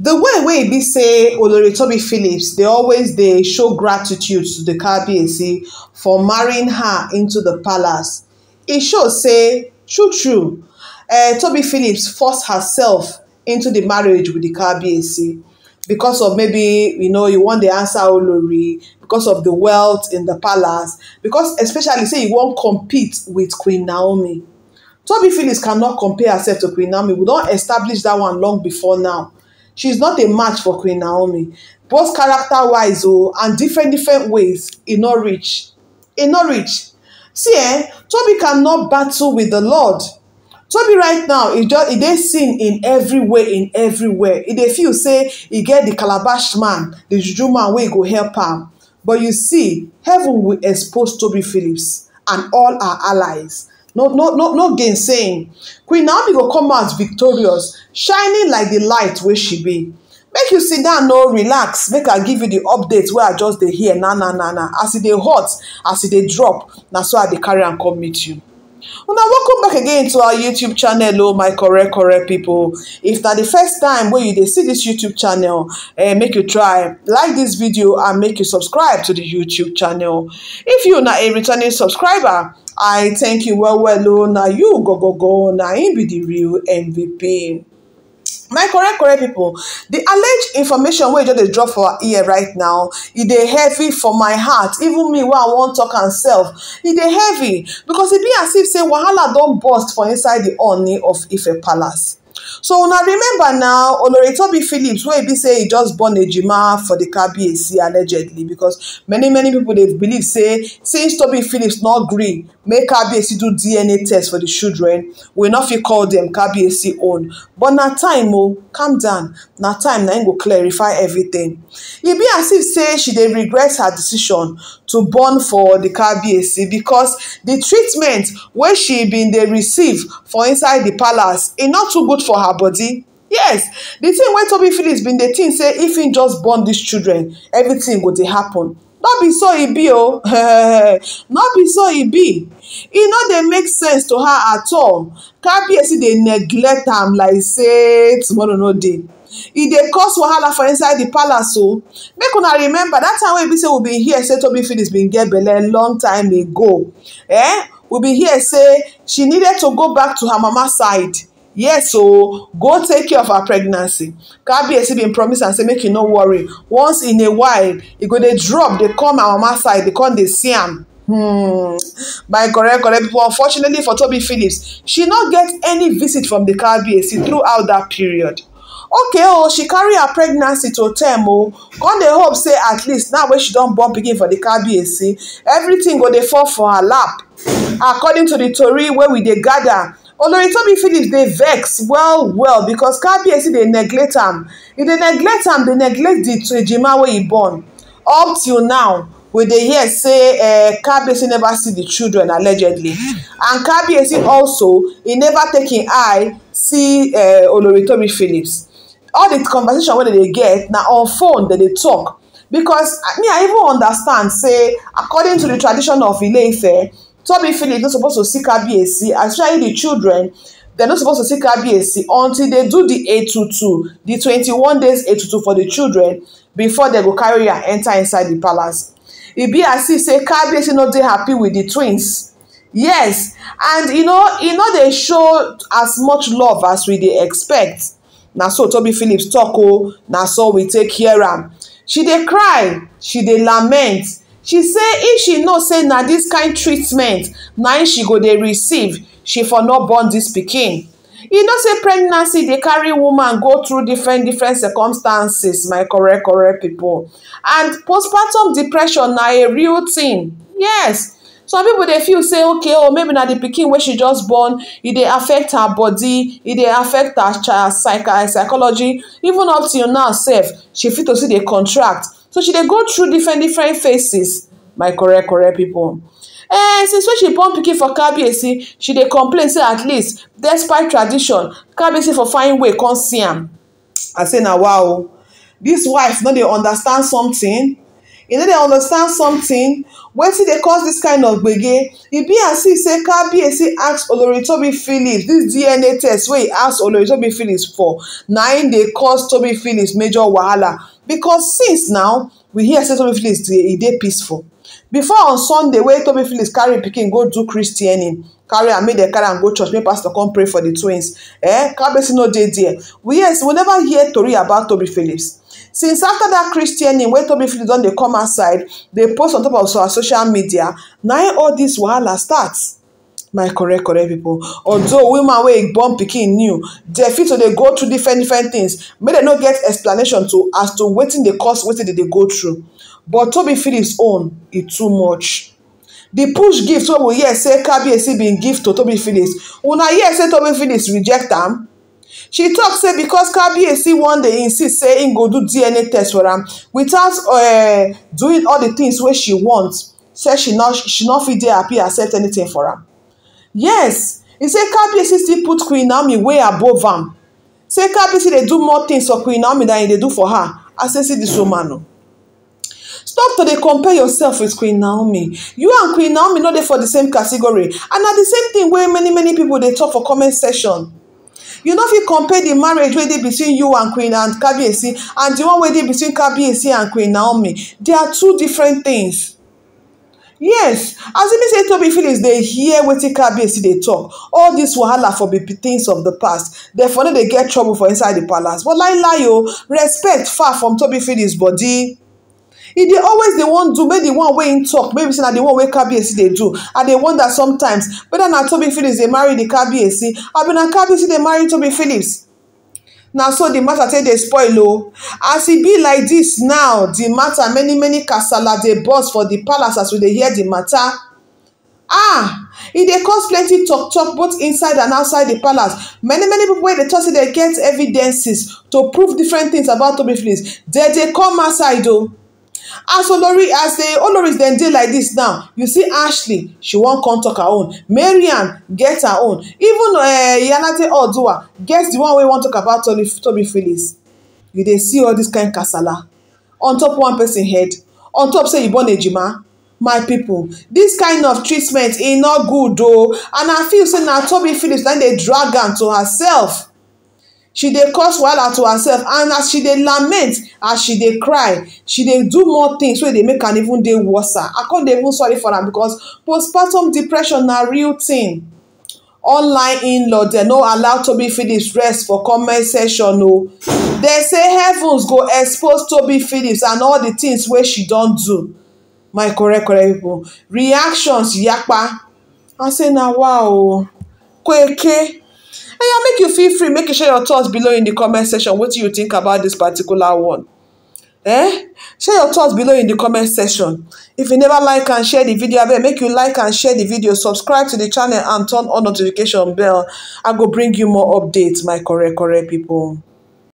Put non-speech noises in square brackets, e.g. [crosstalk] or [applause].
the way wey be say Toby phillips they always they show gratitude to the kabiyesi for marrying her into the palace It should say true true eh, Toby phillips forced herself into the marriage with the kabiyesi because of maybe you know you want the answer olori because of the wealth in the palace because especially say you won't compete with queen naomi Toby phillips cannot compare herself to queen naomi we don't establish that one long before now she's not a match for queen naomi both character wise oh, and different different ways e no reach e no reach see eh tobi cannot battle with the lord Toby right now e, e dey seen in every way in everywhere e dey feel say e get the calabash man the juju man wey go help am but you see heaven will expose Toby phillips and all her allies no no no no gainsaying queen naomi go come out victorious shining like the light where she be make you sit down no relax make i give you the update where i just they hear na na na na as e they hot as see they drop that's so i dey carry and come meet you Now welcome back again to our youtube channel oh my correct correct people. if that the first time where you they see this youtube channel eh, make you try like this video and make you subscribe to the youtube channel if you are not a returning subscriber i thank you well well o oh, na you go go go na him be the real mvp my correct correct people, the alleged information we e just dey drop for ear right now It' e dey heavy for my heart even me wey i wan talk and self, it' e dey heavy because it be as if say wahala don bust for inside the only of ife palace so now remember now olori toby phillips who be say he just born Jima for the K B A C allegedly because many many people they believe say since toby phillips not agree make K B A C do dna test for the children we no you call them K B A C own but now time oh calm down now time now go clarify everything he be as if say she they regret her decision to born for the K B A C because the treatment where she been they receive for inside the palace is not too good for for her body yes di tin wey tobi phillips bin dey think say if he just born dis children everything would happen Not be so it e be oh, [laughs] not be so it e be e no they make sense to her at all kpsc they neglect am like say tomorrow no day. If they e cause wahala for inside the palace so oh. make una remember that time when be say we bin hear say tobi phillips been get a long time ago eh we be here say she needed to go back to her mama side yes o go take care of her pregnancy kabiyesi bin promise am say make you no worry once in a while e go dey drop dey come her mama side dey come dey see am Hmm. by correct correct people unfortunately for Toby Phillips she no get any visit from the Kabiyesi throughout that period okay oh she carry her pregnancy to term oh come dey hope say at least now wey she don born pikin for the Kabiyesi everything go dey fall for her lap according to the tori wey we dey gather olori tomi philip dey vex well well because kabiyesi they neglect am If e they neglect am they neglect the ejima where he born up till now we dey hear say eh, kabiyesi never see the children allegedly and kabiyesi also he never take an eye see eh, olori tomi phillips all the conversation where they get now on phone they talk because becos me i even understand say according to the tradition of ile Toby Phillips not supposed to see KBAC, especially the children, they're not supposed to see KBAC until they do the 822, the 21 days 822 for the children before they go carry and enter inside the palace. It be as if say KBAC not they happy with the twins. Yes, and you know, you know they show as much love as we they expect. Now, so Toby Phillips talk o, na so we take hear She they cry, she they lament. she say if she know say na this kind treatment na im she go dey receive she for no born this pikin you know say pregnancy dey carry woman go through different different circumstances my correct correct people. and postpartum depression na a real thing yes some people dey feel say okay oh maybe na the pikin wey she just born e dey affect her body e dey affect her psychology even up till now sef she fit to still dey contract So she dey go through different different phases my correct correct people. Eh since when she born pikin for Kabiyesi she dey complain say at least despite tradition Kabiyesi for find way come see am. I say na wa o. Dis wife no dey understand something. E no dey understand something. Wetin dey cause this kind of gbege? E be as if say Kabiyesi ask Olori Tobi Phillips this DNA test wey e ask Olori Tobi Phillips for na im dey cause Tobi Phillips major wahala because since now we hear say Tomifilis e dey peaceful before on sunday wey Tomifilis carry im pikin go do christianing carry am make dem carry am go church make pastor come pray for the twins eh kabesi no dey there we hear we never hear tori about tobi phillips since after that Christianing, name wey tobi phillips don dey come outside dey post on top of our social media na all this wahala start my correct correct pipo although women wey born pikin new dey fit to dey go through different different things make dem no get explanation to as to wetin dey cause wetin dem dey go through but tobi phillips own e too much di push gift wey we hear say kabiyesi bin give to tobi phillips una hear say Toby phillips reject am she tok say because kabiyesi one day insist say im go do dna test for am without eh, doing all the things wey she want say she no fit dey happy accept anything for am yes e say kabiyesi still put queen naomi way above am say kabiyesi dey do more things for queen naomi than e dey do for her as say see dis woman o. stop to dey compare yourself with queen naomi you and queen naomi no dey for the same category and na the same thing wey many many people dey talk for comment section you no fit compare the marriage wey dey between you and queen and kabiyesi and the one wey dey between kabiyesi and queen naomi they are two different things yes as e be say toby phillips dey hear wetin kabiyesi dey talk all dis wahala for be things of the past therefore no dey get trouble for inside the palace but lai o oh, respect far from toby phillips body e dey always dey wan do make the one wey im tok maybe say na the one wey kabiyesi dey do i dey wonder sometimes whether na toby phillips dey marry di kabiyesi abi na kabiyesi dey marry toby phillips na so the matter take dey spoil o as e be like this now the matter many many kasala dey burst for the palace as we dey hear the matter ah e dey cause plenty talk talk both inside and outside the palace many many people wey dey tok say dey get evidences to prove different things about obifris dey dey come outside o as olori as the Olori, dem dey like dis now you see ashley she wan come talk her own marian get her own even eh, yanate odua get the one wey wan talk about tobi phillips you dey see all dis kain kasala on top one person head on top say you born ejima my people. dis kind of treatment e no good o and i feel say na tobi phillips na dey drag am to herself she dey cause wahala to herself and as she dey lament as she dey cry she dey do more things wey dey make am even dey worse i con dey even sorry for am because postpartum depression na real thing online in-law dem no allow tobi phillips rest for comment section o oh. dem say heavens go expose tobi phillips and all the things wey she don do my correct correct pipo reactions yapa i say na wow o oh. kweke yeah, make you feel free make you share your thoughts below in the comment section wetin you think about this particular one eh share your thoughts below in the comment section if you never like and share the video abeg make you like and share the video subscribe to the channel and turn on notification bell i go bring you more updates my correct correct pipo